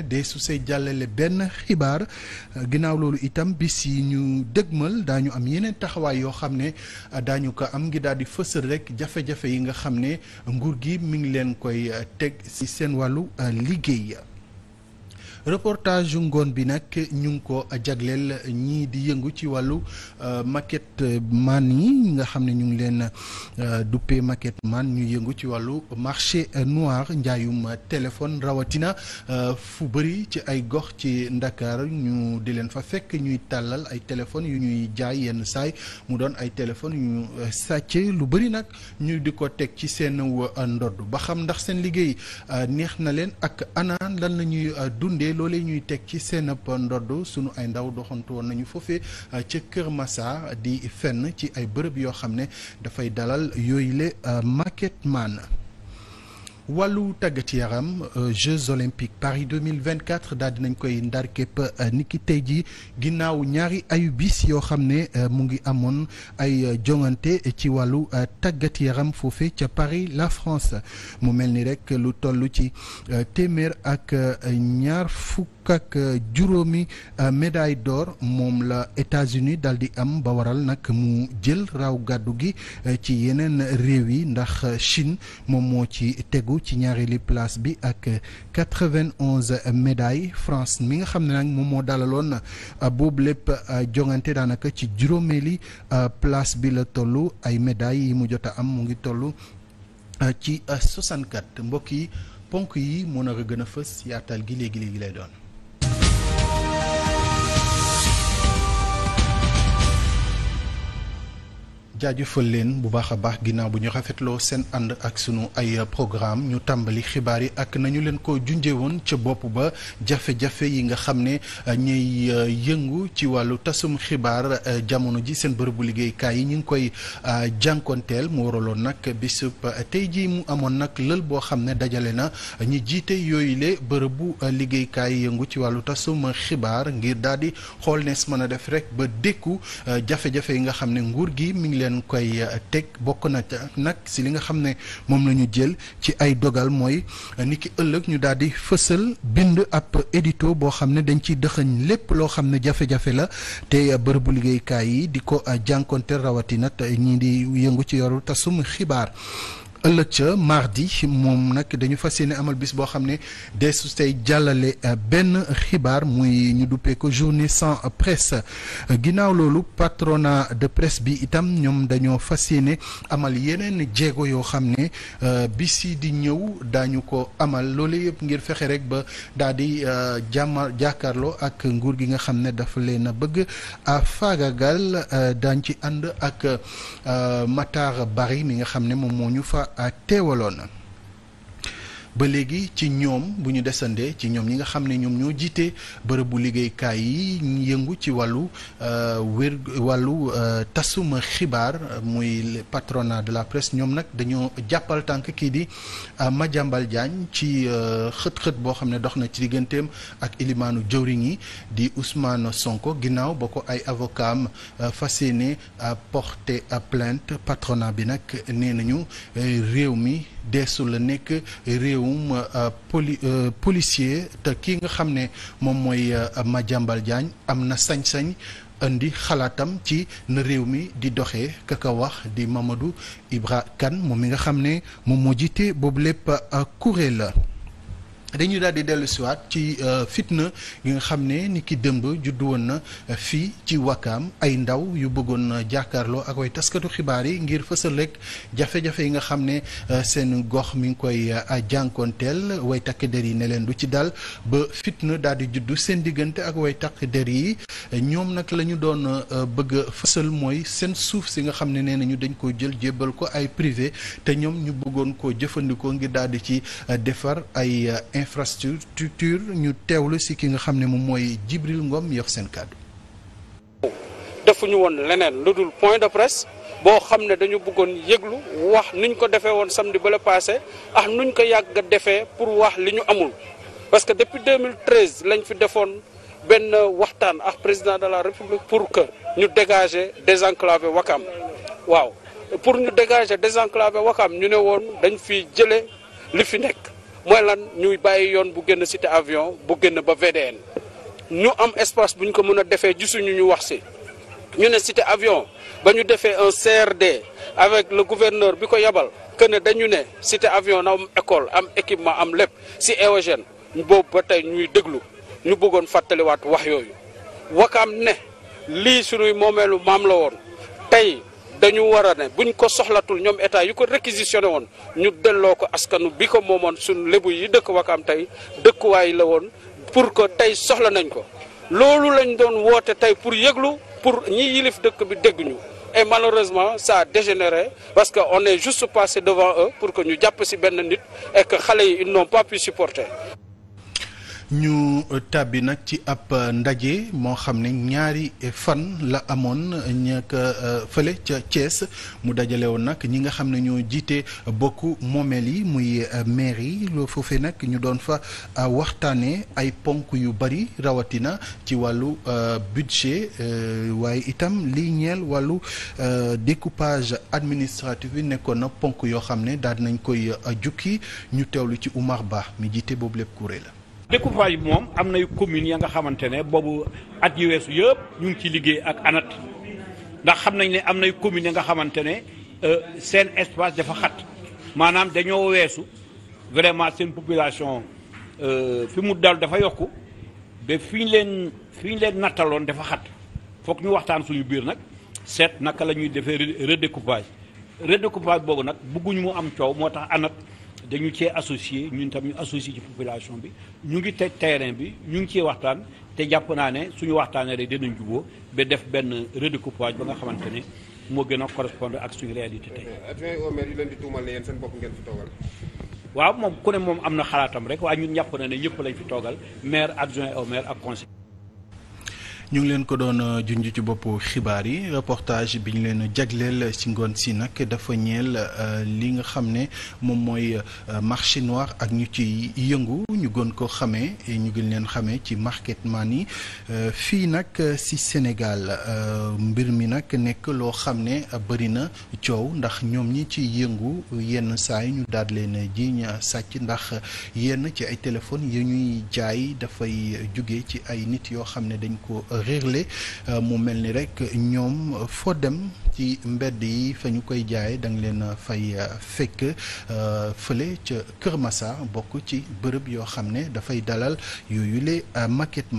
ne su see jàllale benn xibaar ginnaaw loolu itam bis yi ñu dëgmal daañu am yeneen taxawaay yoo xam ne daañu ko am ngi daal di fësal rek jafe-jafe yi nga xam ne nguur gi mi ngi leen koy teg ci seen wàllu liggéey. reportage yu ngoon bi nag ñu ngi ko jagleel ñii di yëngu ci wàllu euh, maquette man yi nga xam ne ñu ngi leen euh, duppee maquette man ñu yëngu ci wàllu marché noir njaayum téléphone rawatina euh, fu bëri ci ay gox ci Ndakaar ñu di leen fa fekk ñuy tàllal ay téléphones yu ñuy jaay yenn saay mu doon ay téléphones yu sàcce lu bëri nag ñu di ko teg ci seen ndodd ba xam ndax seen liggéey neex na leen ak anaan lan la ñuy dundee loole ñuy teg ci seen ab ndodd sunu ay ndaw doxantu woon nañu foofe euh, ca Kër Massa di fenn ci ay bërëb yoo xam ne dafay dalal yooyu le euh, Market Man wàllu tàggat yaram euh, Jeux olympiques Paris 2024 daal dinañ koy ndar képp euh, niki tey ji ginnaaw ñaari ayu bis yoo xam ne euh, mu ngi amoon ay jongante ci wàllu tàggat yaram foofe ca Paris la France mu mel ni rek lu tollu ci téeméer ak ñaar fukk ak juróomi médaille d'or moom la États-Unis daal di am ba waral nag mu jël raw gàddu gi ci yeneen réew yi ndax Chine moom moo ci tegu tegu ci ñaareeli place bi ak 91 médailles France mi nga xam ne nag moom moo dalaloon euh, boobu lépp euh, jongante daanaka ci juróomeeli euh, place bi la tollu ay médailles yi mu jot a am mu ngi tollu ci 64 mbokk yi ponk yi moo nar a gën a fës yaatal gi léegi léegi lay doon. jaajëfal leen bu baax a baax ginnaaw bu ñu rafetloo seen ànd ak sunu ay programme ñu tàmbali xibaar yi ak nañu leen ko junjee woon ca bopp ba jafe-jafe yi nga xam ne euh, ñuy euh, yëngu ci wàllu tasum xibaar euh, jamono ji seen bërëbu liggéeykaay yi ñu ngi koy jànkonteel mu waraloon nag bisub tey jii mu amoon nag lël boo xam ne dajale na ñi jiite yooyu le bërëbu liggéeykaay yëngu ci wàllu tasum xibaar ngir daal xool nees mën a def rek ba dékku jafe-jafe yi nga xam ne nguur gi mi ngi leen leen koy euh, teg bokk na ca nag si li nga xam ne moom la ñu jël ci ay dogal mooy euh, ni ki ëllëg ñu daal di fësal bind ab édito boo xam ne dañ ciy dëxëñ lépp loo xam ne jafe-jafe la te euh, bërëbu liggéeykaay yi di ko jànkonte rawatina te ñii di yëngu ci yoru tasum xibaar ëllëg ca mardi moom nag dañu fas yéene amal bis boo xam ne des su jàllale euh, benn xibaar muy ñu duppee ko journée sans presse ginnaaw loolu patronat de presse bi itam ñoom dañoo fas yéene amal yeneen jéego yoo xam ne euh, bis yi di ñëw daañu ko amal loolu yëpp ngir fexe rek ba daal di euh, jàmma jàkkaarloo ak nguur gi nga xam ne dafa leen a bëgg a faagagal daañ ci ànd ak Matar Bari mi nga xam ne moom moo ñu fa na ba léegi ci ñoom bu ñu desandee ci ñoom ñi nga xam ne ñoom ñoo jiite bërëbu liggéeykaay yi ñu yëngu ci wàllu euh, wér wàllu euh, tasuma xibaar muy patronat de la presse ñoom nag dañoo jàppal tànk kii di euh, Madiambal Diagne ci xët-xët boo xam ne dox na ci digganteem ak ilimaanu jëwriñ yi di Ousmane Sonko ginnaaw ba ko ay avocam am fas yéene porté plainte patronat bi nag nee nañu réew mi deesu la nekk réew mbirum euh, euh, policier te ki nga xam ne moom mooy jàmbal euh, Diagne am na sañ-sañ indi xalaatam ci na réew mi di doxe kaka wax di Mamadou Ibra kan moom mi nga xam ne moom moo jiite boobu lépp kuréel la. dañuy daal di dellu siwaat ci euh, fitna gi nga xam ne ni ki dëmb juddu woon na euh, fii ci wakkaam ay ndaw yu bëggoon euh, jàkkaarloo ak way taskatu xibaar yi ngir fësal rek jafe-jafe yi nga xam ne seen gox mi ngi koy jànkoonteel way takk der yi ne leen du ci dal ba fitna daal di juddu seen diggante ak way takk yi ñoom nag lañu ñu doon bëgg a fësal mooy seen suuf si nga xam ne nee nañu dañ ko jël jébbal ko ay privé te ñoom ñu bëggoon koo jëfandikoo ngir daal di ci defar ay infrastructure ñu teewlu si ki nga xam ne moom mooy Djibril Ngom yor seen kàddu. defuñu woon leneen lu dul point de presse boo xam ne dañu bëggoon yëglu wax ñu ko defee woon samedi ba la passé ah nuñ ko yàgg defee pour wax li ñu amul parce que depuis 2013 lañ fi defoon benn waxtaan ak président de la république pour que ñu dégager désenclavé Wakam waaw pour ñu dégager désenclavé Wakam ñu ne woon dañ fi jële li fi nekk. mooy lan ñuy bàyyi yoon bu génn cité avion bu génn ba VDN ñu am espace bu ñu ko mën a defee gisuñu ñu wax si ñu ne cité avion ba ñu defee un CRD avec le gouverneur bi ko yabal que dañu ne cité avion na am école am équipement am lépp si Eogène boobu ba tey ñuy déglu ñu bëggoon fàttaliwaat wax yooyu wakaam ne lii suñuy moomeelu maam la woon tey dañu war a ne buñ ko soxlatul ñoom état yu ko réquisitionné woon ñu delloo ko askanu bi ko moomoon suñ lébu yi dëkk Wakaam tey dëkkuwaay la woon pour que tey soxla nañ ko loolu lañ doon woote tey pour yëglu pour ñi yilif dëkk bi dégguñu et malheureusement ça a dégénéré parce que on est juste passé devant eux pour que ñu jàpp ci benn nit et que xale yi ils n'ont pas pu supporter ñu tàbbi nag ci ab ndaje moo xam ne ñaari fan la amoon ñak euh, fële ca Thiès mu dajale woon nag ñi nga xam ne ñoo jiite bokk moomeel yi muy euh, maire yi loo foofee nag ñu doon fa euh, waxtaanee ay ponk yu bari rawatina ci wàllu budget waaye itam liy ñeel wàllu découpage administratif bi nekkoon na ponk yoo xam ne daal nañ koy jukki ñu teewlu ci Oumar Ba mi jiite boobu lépp kuréel la découpage bi moom am nay communes ya nga xamante ne boobu at yi weesu yëpp ñu ngi ci liggéey ak ANAT ndax xam nañ ne am na nay communes ya nga xamante ne euh, seen espace dafa xat maanaam dañoo weesu vraiment seen population euh, fi mu dal dafa yokku ba fi ñu leen fi ñu leen nattaloon dafa xat foog ñu waxtaan suñu biir nag seet naka la ñuy defee redécoupage redécoupage boobu nag bëgguñ mu am coow moo tax ANAT dañu cee associé ñun tam ñu associé ci population bi ñu ngi teg terrain bi ñu ngi cee waxtaan te jàpp naa ne suñu waxtaanee rek dinañ juboo ba def benn redécoupage ba nga xamante ne moo gën a correspondre ak suñu réalité tey. Euh, adjoint au yi leen di tuumal ne yéen seen bopp ngeen fi toogal. waaw moom ku ne moom am na xalaatam rek waaye ñu jàpp na ne ñëpp lañ fi toogal maire adjoint au maire ak conseil. ñu ngi leen ko doon euh, junj ci bopp xibaar yi reportage bi ñu leen jagleel ci ngoon si nag dafa ñeel euh, li nga xam ne moom mooy euh, marché noir ak ñu ci yëngu ñu gën ko xamee ñu gën leen xamee ci marketman yi fii nag si Sénégal mbir mi nag nekk loo xam ne bëri na coow ndax ñoom ñi ci yëngu yenn saa yi ñu daal leen jiiñ sàcc ndax yenn ci ay téléphone yi ñuy jaay dafay jóge ci ay nit yoo xam ne dañ ko. réglé euh, mu mel ni rek ñoom foo dem ci mbedd yi fa ñu koy jaay da nga leen fay euh, fekk euh, fële ca Kër Massa bokk ci bërëb yoo xam ne dafay dalal yooyu le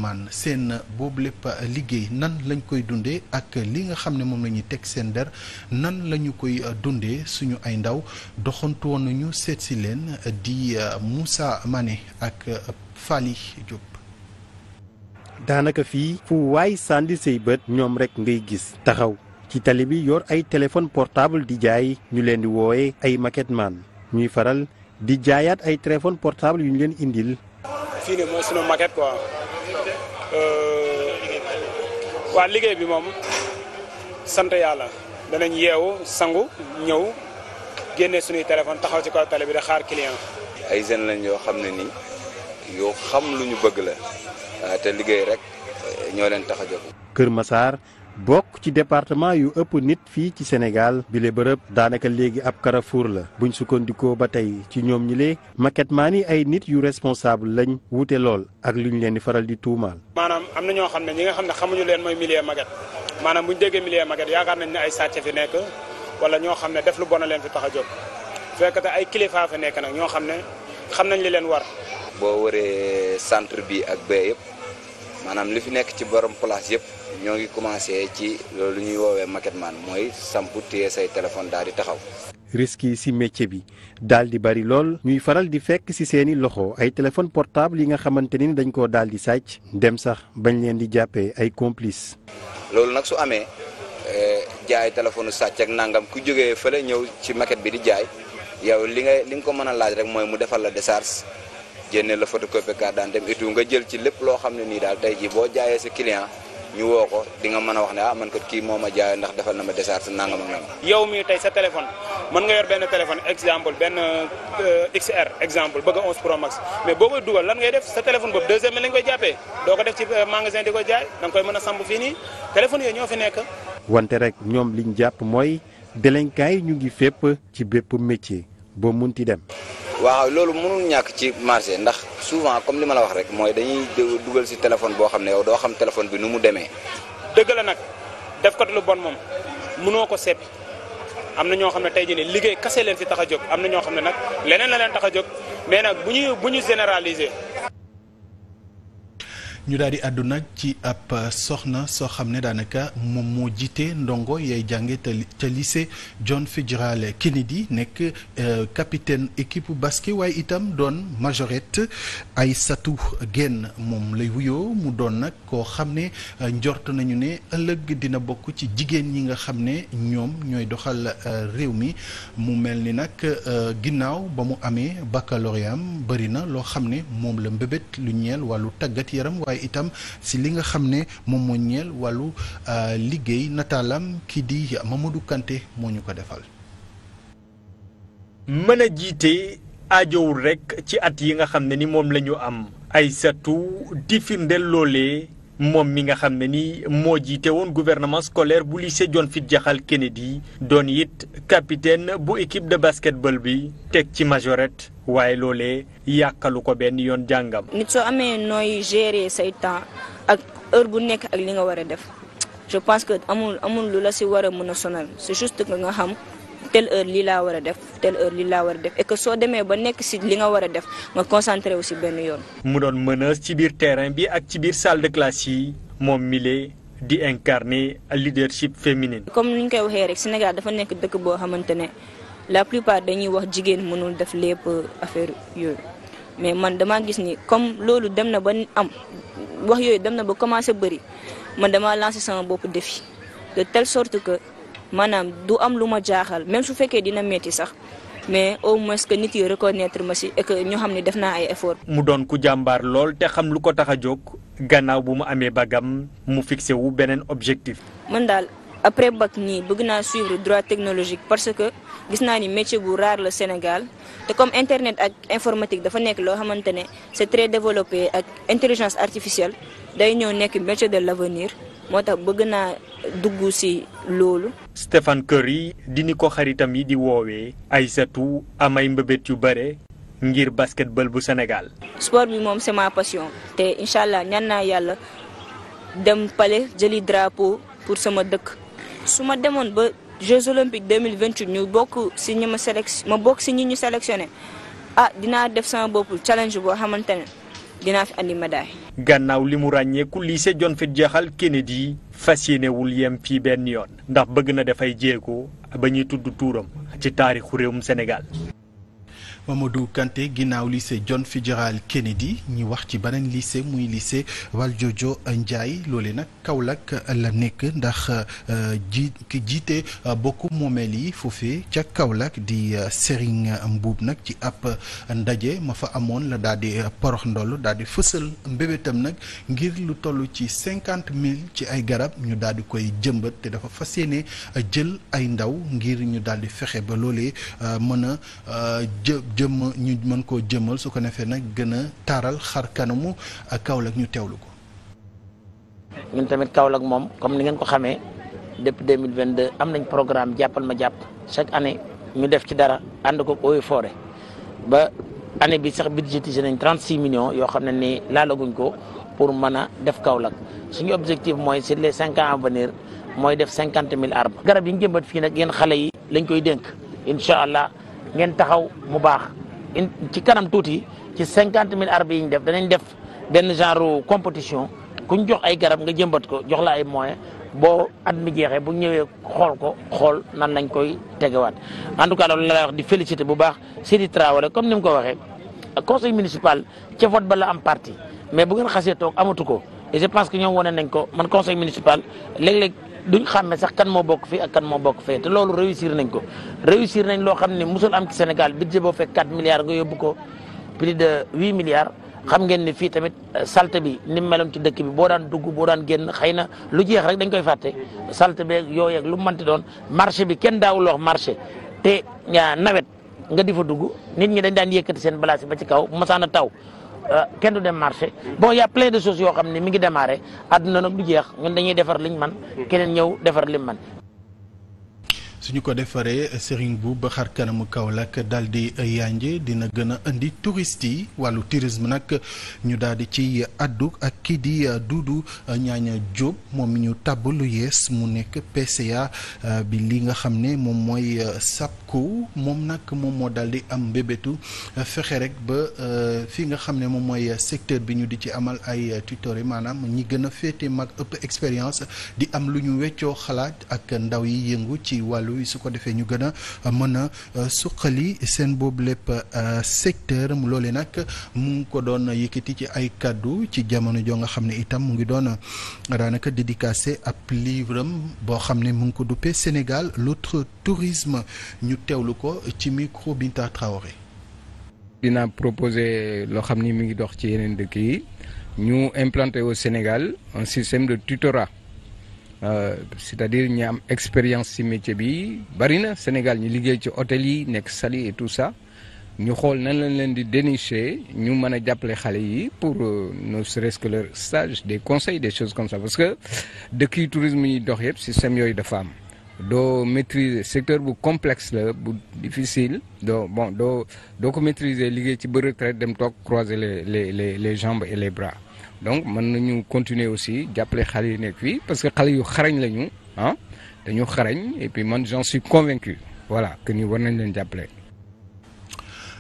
man seen boobu lépp liggéey nan lañ koy dundee ak li nga xam ne moom la ñuy teg seen der nan la ñu koy dundee suñu ay ndaw doxantu woon nañu seet si leen di musa Mané ak Fally Diop daanaka fii fu waay sànni say bët ñoom rek ngay gis taxaw ci tali bi yor ay téléphone portable di jaay ñu leen di wooye ay maquette man ñuy faral di jaayaat ay téléphone portable yu ñu leen indil. fii ne mooy sunu maquette ko euh, waa liggéey bi moom sant yàlla danañ yeewu sangu ñëw génne sunuy téléphone taxaw ci kaw tali bi di xaar client. ay jeunes lañ yoo xam ne nii yoo xam lu ñu bëgg la. Ah, te liggéey rek eh, ñoo leen tax a jóg. Kër Massar bokk ci département yu ëpp nit fii ci Sénégal bile bërëb daanaka léegi ab carrefour la buñ sukkandikoo ba tey ci ñoom ñi lee maquette maa ni ay nit yu responsable lañ wuute lool ak lu ñu leen di faral di tuumaal. maanaam am na ñoo xam ne ñi nga xam ne xamuñu leen mooy milieu maquette maanaam bu ñu déggee milieu maquette yaakaar nañ ne ay sàcc fi nekk wala ñoo xam ne def lu bon leen fi tax a jóg fekkate ay kilifa fa nekk nag ñoo xam ne xam nañ li leen war. boo waree centre bi ak maanaam li fi nekk ci borom place yëpp ñoo ngi commencé ci loolu ñuy woowee market man mooy sampu téye say téléphone daal di taxaw. risques yi ci métier bi daal di bari lool ñuy faral di fekk ci seeni loxo ay téléphone portable yi nga xamante ni dañ koo daal di sàcc dem sax bañ leen di jàppee ay complice loolu nag su amee eh, jaay téléphone sàcc ak nangam ku jógee la ñëw ci market bi di jaay yow li nga li nga ko mën a laaj rek mooy mu defal la décharge génne la photocopie carte d'identité et tout nga jël ci lépp loo xam ne nii daal tey jii boo jaayee sa client ñu woo ko di nga mën a wax ne ah man ko kii moo a jaayee ndax defal na ma décharge nangam ak nangam. yow mii tey sa téléphone mën nga yor benn téléphone exemple benn euh, XR exemple bëgg 11 Pro mais boo koy dugal lan ngay def sa téléphone boobu deuxième lañ koy jàppee doo ko def ci euh, magasin di ko jaay da nga koy mën a samp fii nii téléphone fi nekk. wante rek ñoom liñ jàpp mooy délinquants yi ñu ngi fépp ci bépp métier. boo ti dem. waaw loolu mënul ñàkk ci marché ndax souvent comme li ma la wax rek mooy dañuy dugal si téléphone boo xam ne yow doo xam téléphone bi nu mu demee. dëgg nag def ko lu bon moom munoo ko seppi am na ñoo xam ne tey jii ne liggéey kase leen fi tax a jóg am na ñoo xam ne nag leneen la leen tax a jóg mais nag bu ñuy bu ñu généraliser. ñu daal di àdduna ci ab euh, soxna soo xam ne daanaka moom moo jiite ndongo yay jànge ca lycée John Fitzgerald Kennedy nekk euh, capitaine équipe basket waaye itam doon ay satu Guène moom lay wuyoo mu doon nag koo xam ne euh, njort nañu ne ëllëg dina bokk ci jigéen ñi nga xam ne ñoom ñooy doxal réew mi mu mel ni nag ginnaaw ba mu amee baccalauréat am bëri na loo xam ne moom la mbëbët lu ñeel wàllu tàggat yaram waaye itam si li nga xam ne moom moo ñeel wàllu euh, liggéey nataalam ki di Mamadou Kanté moo ñu ko defal. mën a jiite ajowul rekk ci at yi nga xam ne ni moom lañu am ay satu di firndeel loolee. moom mi nga xam ne ni moo jiite woon gouvernement scolaire bu lycée John Fitzgerald Kennedy doon it capitaine bu équipe de basketball bi teg ci majorette waaye loole yàqalu ko benn yoon jàngam. nit soo amee nooy gérer say temps ak heure bu nekk ak li nga war a def je pense que amul amul lu la si war a mën a sonal c'est juste que nga xam. telle heure lii laa war a def telle heure lii laa war a def et que soo demee ba nekk si li nga war a def nga concentré wu si benn yoon. mu doon meneuse ci biir terrain bi ak ci biir salle de classe yi moom mile di incarner leadership féminine. comme ni ñu koy waxee rek Sénégal dafa nekk dëkk boo xamante ne la plupart dañuy wax jigéen mënul def lépp affaire yooyu mais man damaa gis ni comme loolu dem na ba am wax yooyu dem na ba commencé bëri man damaa lancé sama bopp défi maanaam du am lu ma jaaxal même su fekkee dina metti sax mais au moins que nit yi reconnaître ma si et que xam ne def naa ay effort. mu doon ku jàmbaar lool te xam lu ko tax a jóg gannaaw bu mu amee baggam mu fixé wu beneen objectif. man daal après bac nii bëgg naa suivre droit technologique parce que gis naa ni métier bu rare la Sénégal te comme internet ak informatique dafa nekk loo xamante ne c'est très développé ak intelligence artificielle day ñëw nekk métier de l'avenir moo tax bëgg naa dugg ci loolu. Stephen Curry di ko xaritam yi di woowee ay Aïssatou amay mbëbët yu bare ngir basketball bu Sénégal. sport bi moom c'est ma passion te incha allah ñaan naa yàlla dem palais jëli drapeau pour sama dëkk su ma demoon ba Jeux olympiques 2028 ñu bokk ci ma sélection ma bokk ci ñi ñu sélectionné ah dinaa def sama bopp challenge boo xamante dinaa fi andi médaille. gannaaw li mu ràññeeku lycée John Fitzgerald Kennedy fas yéenewul yem fii benn yoon ndax bëgg na dafay jéego ba ñuy tudd tuuram ci taarixu réewum Sénégal. Mamadou Kanté ginnaaw lycée John Fitzgerald Kennedy ñu wax ci beneen lycée muy lycée Valdiodio Ndiaye loole nag Kaolack la nekk ndax euh, ji ki jiite euh, bokk moomeel yi foofee ca Kaolack di euh, Serigne Mbuub nag ci ab ndaje ma fa amoon la daal di porox ndoll daal di fësal mbébétam nag ngir lu toll ci cinquante mille ci ay garab ñu daal di koy jëmbat te dafa fas yéene jël ay ndaw ngir ñu daal di fexe ba loolee mën a jë jëmm ñu mën koo jëmmal su ko defee nag gën a taaral xar kanamu ak Kaolack ñu teewlu ko. ñun tamit Kaolack moom comme ni ngeen ko xamee depuis deux mille vingt deux am nañ programme jàppal ma jàpp chaque année ñu def ci dara ànd ko Eaux et Forêts ba année bi sax budgétisé nañ trente six million yoo xam ne ni laalaguñ ko pour mën a def Kaolack suñu objectif mooy sur les cinq ans mooy def cinquante mille arbres. garab yi ñu fii nag yéen xale yi lañ koy dénk ngeen taxaw mu baax ci kanam tuuti ci cinquante mille arbre yi ñu def danañ def benn genre compétition kuñ jox ay garab nga jëmbat ko jox la ay moyens boo at mi jeexee bu ñëwee xool ko xool nan lañ koy tegewaat en tout cas loolu la lay wax di félicité bu baax Sidi Traoré comme ni mu ko waxee conseil municipal ca vote ba la am parti mais bu ngeen xasee toog amatu ko et je pense que ñoom wane nañ ko man conseil municipal léeg-léeg duñ xàmme sax kan moo bokk fii ak kan moo bokk fee te loolu réussir nañ ko réussir nañ loo xam ne musul am ci Sénégal budget boo fe 4 milliards nga yóbbu ko plus de 8 milliards xam ngeen ne fii tamit euh, salte bi ni mu meloon ci dëkk bi boo daan dugg boo daan génn xëy na lu jeex rek dañ koy fàtte salte beeg yooyeek lu mu mënti doon marché bi kenn daawul wax marché te euh, nawet nga di fa dugg nit ñi dañ daan yëkkati seen balaas ba ci kaw mosaan taw Euh, kenn du dem marché bon y' a de choses yoo xam ne mi ngi démarré àdduna nag du jeex ñun dañuy defar liñ man hmm. keneen ñëw defar lim man suñu ko defaree sëriñ bu ba xar kanamu Kaolack daal di yànje dina gën a indi touriste yi wàllu tourisme nag ñu daal di ci addu ak kii di Doudou Ñaaña Diop moom mi ñu tàbb lu yees mu nekk PCA euh, bi li nga xam ne moom mooy euh, SAPCO moom nag moom moo daal di am mbébétu euh, fexe rek ba fi nga xam ne moom mooy secteur bi ñu di ci amal ay tutori maanaam ñi gën a féete mag ëpp expérience di am lu ñu weccoo xalaat ak ndaw yi yëngu ci wàllu loolu su ko defee ñu gën a euh, mën a euh, suqali seen boobu lépp euh, secteur loole nag mu ngi ko doon yëkkati ci ay kàddu ci jamono joo nga xam ne itam mu ngi doon daanaka dédicacé ab livre boo xam ne mu ngi ko duppee Sénégal l'autre tourisme ñu teewlu ko ci micro Binta Traoré. dina proposer loo xam ni mi ngi dox ci yeneen dëkk yi ñu implanter au Sénégal un système de tutorat. Euh, c'est-à-dire ñi am expérience ci métier bi bari na Sénégal ñi liggéey ci hôtel yi nekk sali et tout ça ñu xool nan lañ leen di dénicher ñu mën a jàppale xale yi pour euh, no serait-ce que leur stage des conseil des choses comme ça parce que dëkk yi tourisme yi dox yëpp système yooyu dafa am doo maîtriser secteur bu complexe la bu difficile doo bon doo doo ko maîtriser liggéey ci ba retraite dem toog croiser les les les les jambes et les bras donc mën nañu continuer aussi jàppale xale yu nekk fii parce que xale yu xarañ lañu ah dañu xarañ et puis man j'en suis convaincu voilà que nii war nañ leen jàppale.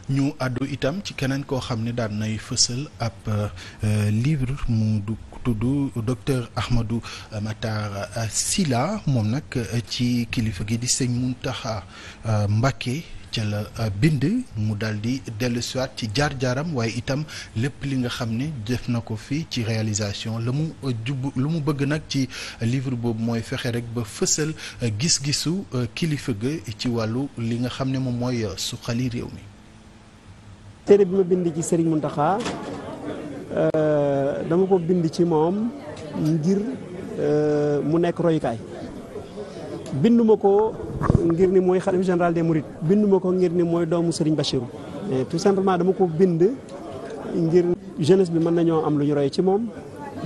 ñu àddu itam ci keneen koo xam ne daan nay fësal ab euh, livre mu du tudd docteur Ahmadou Matar Sylla moom nag ci kilifa gi di sëñ Mountakha euh, Mbacké. ca la euh, bind mu daldi di dellusiwaat ci jaar-jaaram waaye itam lépp li nga xam ne def na ko fii ci réalisation la mu euh, jub lu mu bëgg nag ci euh, livre boobu mooy fexe rek ba fësal gis-gisu kilifa ga ci wàllu li nga xam ne moom mooy suqali réew mi. téere bi ma bind ci Serigne Mountakha dama ko bind ci moom ngir mu nekk royukaay. binduma ko ngir ni mooy xalif général des Mourides binduma ko ngir ni mooy doomu Serigne Bachirou tout simplement dama ko bind ngir jeunesse bi mën nañoo am lu ñu roy ci moom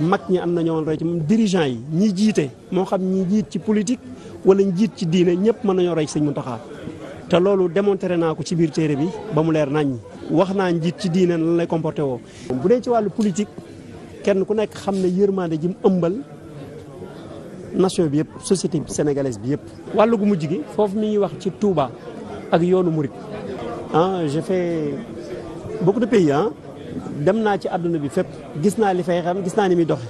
mag ñi am nañoo roy ci moom dirigeant yi ñi jiite moo xam ñi jiit ci politique wala ñi jiit ci diine ñëpp mën nañoo roy mu Mountakha te loolu démontré naa ko ci biir téere bi ba mu leer nañ wax naa njiit ci diine lan lay comporté woo bu dee ci wàllu politique kenn ku nekk xam ne yërmande ji mu ëmbal nation bi yëpp société sénégalaise bi yëpp. wàllu gu mujj gi foofu mi ngi wax ci Touba ak yoonu Mouride ah j'ai fait beaucoup de pays ah. dem naa ci àdduna bi fépp gis naa li fay xam gis naa ni muy dox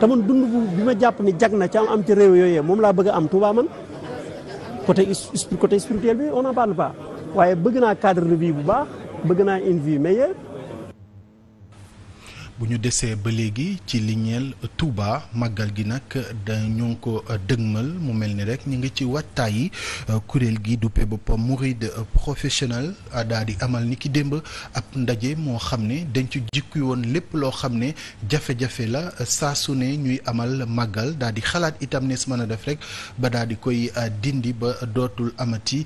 te man dund bi ma jàpp ni jag na ci am am ci réew yooyee moom laa bëgg am Touba man côté côté bi on n'en parle pas waaye bëgg naa cadre de vie bu baax bëgg naa une vie bu ñu desee ba léegi ci li ñeel Touba gi nag dañu ngi ko dëgmal mu mel ni rek ñu ngi ci wattaay yi kuréel gi duppee boppam Mouride professionnel daal di amal ni ki démb ab ndaje moo xam ne dañ ci jikku woon lépp loo xam ne jafe-jafe la saa su ne ñuy amal màggal daal di xalaat itam nees mën a def rek ba daal di koy dindi ba dootul amati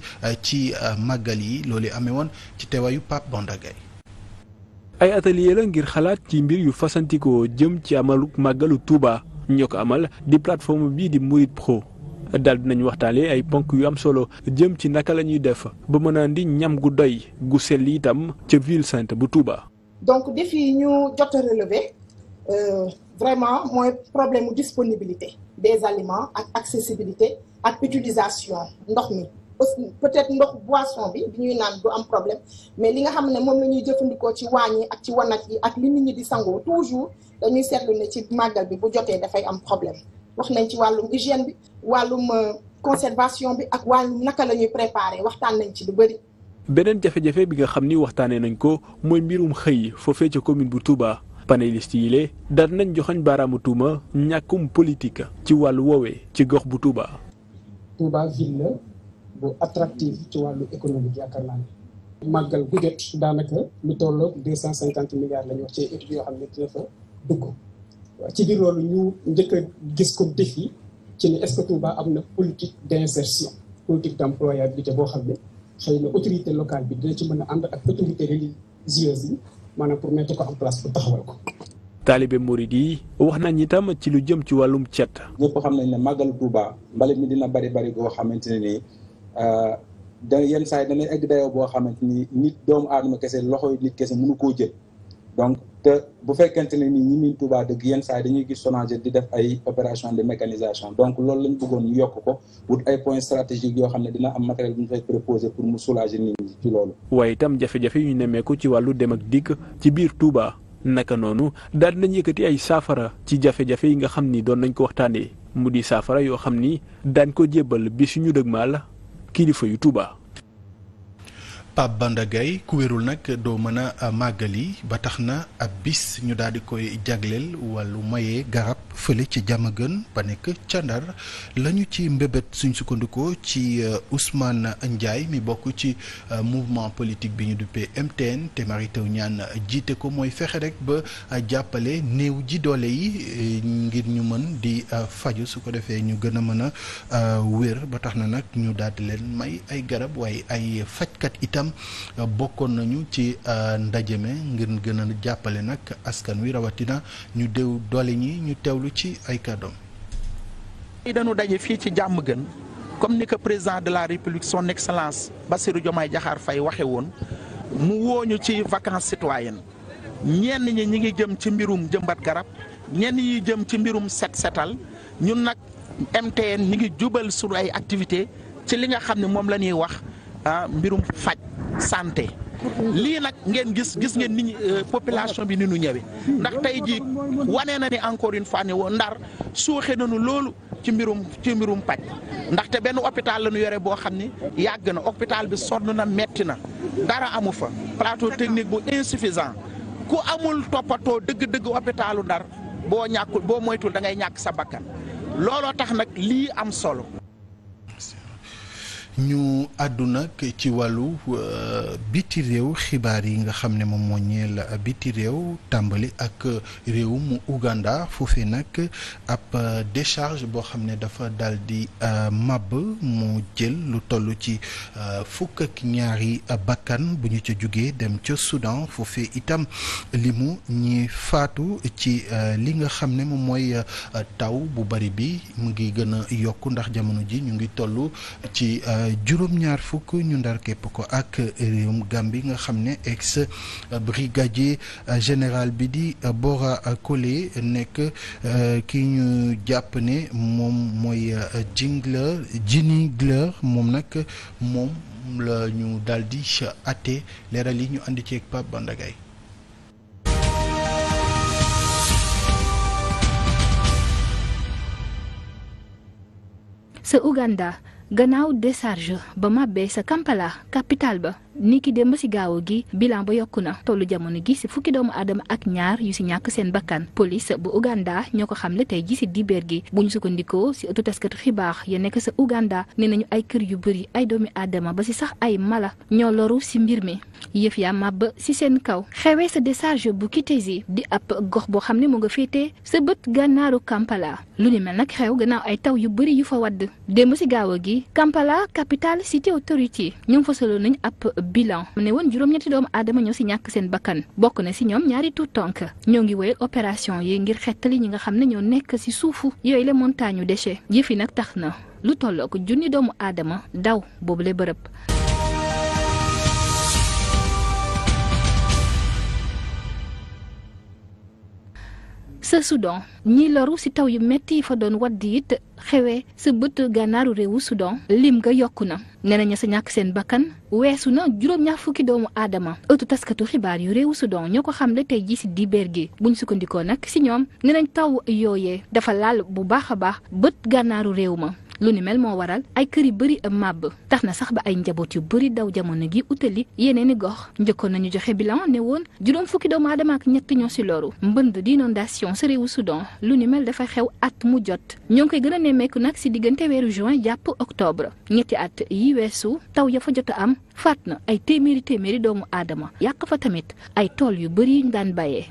ci màggal yi loolu amee woon ci teewaayu Pape Bondagay ay atelier la ngir xalaat ci mbir yu fasantikoo jëm ci amalu màggalu Touba ñoo ko amal di plateforme bii di Murit Pro daal dinañ waxtaanee ay ponk yu am solo jëm ci naka la ñuy def ba mën a indi ñam gu doy gu sell itam ca ville sainte bu Touba. donc défi yi ñu jot relever euh, vraiment mooy problème disponibilité des aliment ak accessibilité ak utilisation ndox mi. peut-être ndox boisson bi bi ñuy naan du am problème mais li nga xam ne moom la ñuy jëfandikoo ci waañ yi ak ci wanag yi ak li nit ñi di sangoo toujours dañuy seetlu ne ci màggal bi bu jotee dafay am problème wax nañ ci wàllum hygiène bi wàllum euh, conservation bi ak wàllum naka la ñuy préparer waxtaan nañ ci lu bëri. beneen jafe-jafe bi nga xam ni waxtaanee nañ ko mooy mbirum xëy foofee ca commune bu Touba. panélistes yi lee daan nañ joxoñ baaraamu ñàkkum politique ci wàllu woowee ci gox bu Touba. Touba bu attractive ci wàllu économique yaakaar naa ne màggal gu daanaka lu tolloog deux cent cinquante milliards la ñu wax ci études yoo xam ne dina fa dugg ci biir loolu ñu njëkk a gis comme défi ci ne est-ce que Touba am na politique d'insertion politique d'employabilité boo xam ne xëy na autorité locale bi dina ci mën a ànd ak autorité religieuse yi maanaam pour mettre ko am place bu taxawal ko taalibe Mouride yi wax nañ itam ci lu jëm ci wàllum cet ñëpp xam nañ ne màggalu Touba mbalit mi dina bari bari goo xamante ne nii da euh, yenn saa yi danañ egg dayoo boo xamante ni nit doomu aadama kese loxo nit kese mu mënu koo jël donc te bu fekkente ne ni ñi miin Touba dëgg yenn saa yi dañuy gis Sonaged di def ay opération de mécanisation donc loolu lañ bëggoon ñu yokk ko wut ay points stratégiques yoo xam ne dina am matériel bu ñu fay proposé pour mu soulager nit ñi ci loolu. waaye itam jafe-jafe yu ñu nemmeeku ci wàllu dem ak dikk ci biir Touba naka noonu daal di nañ yëkkati ay saafara ci jafe yi nga xam ni doon nañ ko waxtaanee mu di saafara yoo xam ni daan ko jébbal bi suñu dëgmaal. kilifa yu Touba. Pape Banda ku wérul nag doo mën a màggali ba tax na ab bis ñu daal di koy jagleel wàllu mayee garab fële ci Diamaguène ba nekk ca Ndar la ñu ci mbébét suñ sukkandikoo ci euh, Ousmane Ndiaye mi bokk ci euh, mouvement politique bi ñu duppee MTN te Mary ñaan jiite ko mooy fexe rek ba jàppale néew ji doole yi euh, ngir ñu mën di faju su ko defee ñu gën a mën a wér ba tax na nag ñu daal leen may ay garab waaye ay fajkat itam. itam bokkoon nañu ci euh, ndajeme ngir gën jàppale nag askan wi rawatina ñu déw doole ñi ñu teewlu ci ay kàddoom. tey dañu fii ci jàmm gën comme ni ko président de la république son excellence Bassirou Diomaye Diakhar Faye waxe woon mu wooñu ci vacances citoyennes ñenn ñi ñi ngi jëm ci mbirum jëmbat garab ñenn ñi jëm ci mbirum set setal ñun nag MTN ñi ngi jubal suñu ay activité ci li nga xam ne moom la ñuy wax ah, mbirum faj santé lii nag ngeen gis gis ngeen nit ñi euh, population bi ni ñu ñëwee ndax tey jii wane na ni encore une fois ne woon ndar suuxe nañu loolu ci mbirum ci mbirum paj ndaxte benn hôpital la ñu yore boo xam ni yàgg na hôpital bi sonn na metti na dara amu fa plateau technique bu insuffisant ku amul toppatoo dëgg-dëgg hôpitalu ndar boo ñàkkul boo moytul da ngay ñàkk sa bakkan looloo tax nag lii am solo ñu àdduna ci wàllu euh, biti réew xibaar yi nga xam ne moom moo ñeel biti réew tàmbali ak mu Uganda foofee nag ab décharge boo xam ne dafa daal di euh, màbb mu jël lu toll ci euh, fukk ak ñaari bakkan bu ñu ca jógee dem ca sudan foofee itam li mu ñi faatu ci li nga xam ne moom mooy taw bu bari bi mu ngi gën yokk ndax jamono ji ñu ngi toll ci. juróom-ñaar fukk ñu ndar ko ak réewum Gambie nga xam ne ex brigadier général bi di Bora Colley nekk euh, ki ñu jàpp ne moom mooy euh, Jingler Jinigler moom nag moom la ñu daal di leeral yi ñu ànd ceeg Pape Bandagaay gannaaw décharge ba màbbee sa Kampala capitale ba ni ki démb ci gaaw gi bilan ba yokk na tollu jamono gi ci fukki doomu aadama ak ñaar yu ci ñàkk seen bakkan police bu Uganda ñoo ko xam xamle tey ji ci dibeer gi bu ñu sukkandikoo ci ëttu taskatu xibaar ya nekk sa Uganda nee nañu ay kër yu bëri ay doomi aadama ba ci sax ay mala ñoo loru ci mbir mi yëf yaa màbb ci seen kaw xewee sa décharge bu Kitezi di ab gox boo xam ne mu nga féetee sa bët gànnaaru Kampala lu ni mel xew gannaaw ay taw yu bëri yu fa wadd démb gaaw gi Kampala capital city authority ab bilan mu ne woon juróom-ñetti doomu aadama ñoo si ñàkk seen bakkan bokk na si ñoom ñaari tuut tonk ñoo ngi wéyal opération yi ngir xettali ñi nga xam ne ñoo nekk si suufu yooyu la montagne déchet yëf yi nag tax na lu tolloo ko junni doomu aadama daw boobu le bërëb sa Soudan ñii loru ci taw yu metti yi fa doon wadd it xewee sa bët gànnaaru réewu Soudan lim nga yokk na nee nañu sa ñàkk seen bakkan weesu na juróom-ñaar fukki doomu aadama ëttu taskatu xibaar yu réewu Soudan ñoo ko xam xamle tey jii ci dibeer gi buñ sukkandikoo nag ci ñoom nee nañ taw yooyee dafa laal bu baax a baax bët gànnaaru réew ma lu ni mel moo waral ay kër yu bëri am màbb tax na sax ba ay njaboot yu bëri daw jamono gi utali yeneen i gox njëkkoon nañu joxe bilan ne woon juróom fukki doomu aadama ak ñett ñoo si loru mbënd di inondation sa réewu Soudan lu ni mel dafa xew at mu jot ñoo ngi koy gën a nemmeeku nag si diggante weeru juin jàpp octobre ñetti at yi weesu taw ya fa jot am faat na ay téeméeri téeméeri doomu aadama yàq fa tamit ay tool yu bëri ñu daan bayee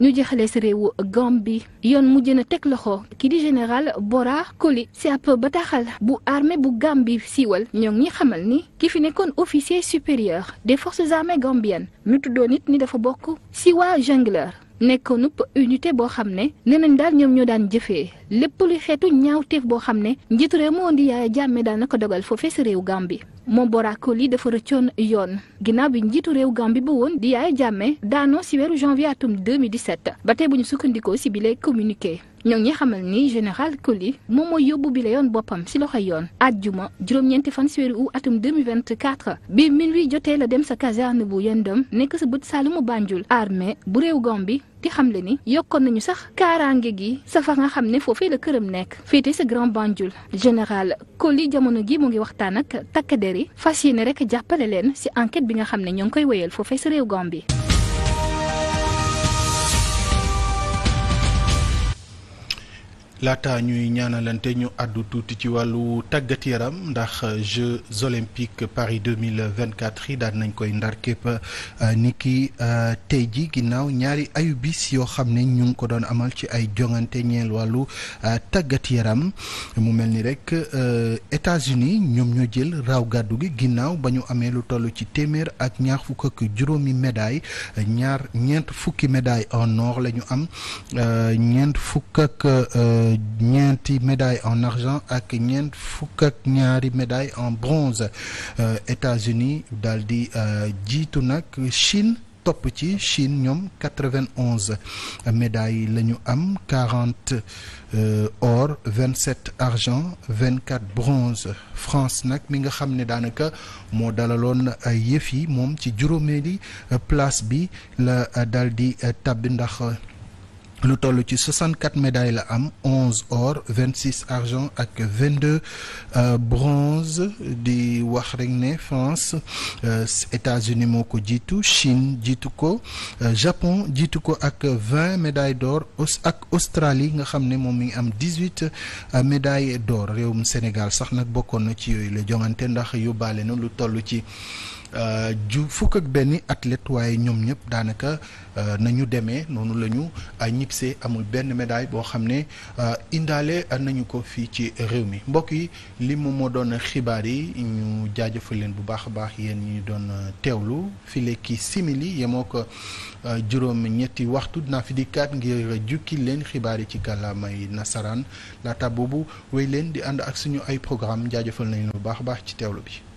ñu jeexalee si réewu Gambie yoon mujj na teg loxo kii di général Bora Koli si ab bataaxal bu armée bu Gambie siiwal ñoo ngi xamal ni ki fi nekkoon officier supérieur des forces armées gambiennes mi tuddoon nit ni dafa bokk si waa Jongleur nekkoon nekkoonub unité boo xam ne nee nañ daal ñoom ñoo daan jëfee lépp luy xeetu ñaaw teef boo xam ne njiitu réew moo di Yaya Jammeh daal dogal foofee si réew Gambie moom Bora Koli dafa rëccoon yoon ginnaaw bi njiitu réew Gambie ba woon di yaay Yaya Jammeh daanoo si weeru janvier atum 2017 ba tey bu ñu sukkandikoo si bile communiqué. ñoo ngi xamal ni général Coly moom mooy yóbbu bi la yoon boppam si loxo yoon àjjuma juróom-ñeenti fan si weeru août atum 2024 bi minuit jotee la dem sa caserne bu Yendom nekk sa bët saalumu Banjul armée bu réew bi di xam xamle ni yokkoon nañu sax kaaraange gi sa fa nga xam ne foofee la këram nekk féete sa Grand Banjul général Coly jamono gi mu ngi waxtaan ak takk der yi fas yéene rek jàppale leen si enquête bi nga xam ne ñoo ngi koy wéyal foofee sa réew Gambie laata ñuy ñaanalante ñu àddu tuuti ci wàllu tàggat yaram ndax Jeux olympiques Paris 2024 yi daan nañ koy ndar képp euh, ni ki euh, tey ji ginnaaw ñaari ayu bis yoo xam ne ñu ngi ko doon amal ci ay jongante ñeel wàllu euh, tàggat yaram mu mel ni rek États-Unis ñoom ñoo jël raaw gàddu gi ginnaaw ba ñu amee lu toll ci téeméer ak ñaar fukk ak juróomi médaille ñaar ñeent fukki médaille en or la ñu am ñeent fukk ñeenti médaille en argent ak ñeent fukk ak ñaari médaille en bronze euh, États-Unis daal di euh, jiitu nag Chine topp ci Chine ñoom quatre-vingt-onze médailles la ñu am quarante euh, or vingt-sept argent vingt-quatre bronze France nag mi nga xam ne daanaka moo dalaloon ay yëf yi moom ci juróomeeli place bi la daal di tàbbi ndax. lu toll ci 64 médailles la am 11 or 26 argent ak 22 euh, bronze di wax rek ne France euh, États-Unis moo ko jiitu Chine jiitu ko euh, Japon jiitu ko ak 20 médailles d'or ak Australie nga xam ne moom mi ngi am 18 médailles d'or réewum Sénégal sax nag bokkoon na ci yooyu la jongante ndax yóbbaale na lu toll ci Euh, ju fukk ak benn athlète waaye ñoom ñëpp daanaka euh, nañu demee noonu lañu ñu ñibbisee amul benn médaille boo xam ne euh, indaale nañu ko fii ci réew mi mbokk yi li moom moo doon xibaar yi ñu jaajëfal leen bu baax a baax yéen ñu doon teewlu file ki simili yemoo ko juróom ñetti waxtu dinaa fi dikkaat ngir jukki leen xibaar yi ci kàllaamay nasaraan laata boobu wéy leen di ànd ak suñu ay programme jaajëfal nañu bu baax a baax ci teewlu bi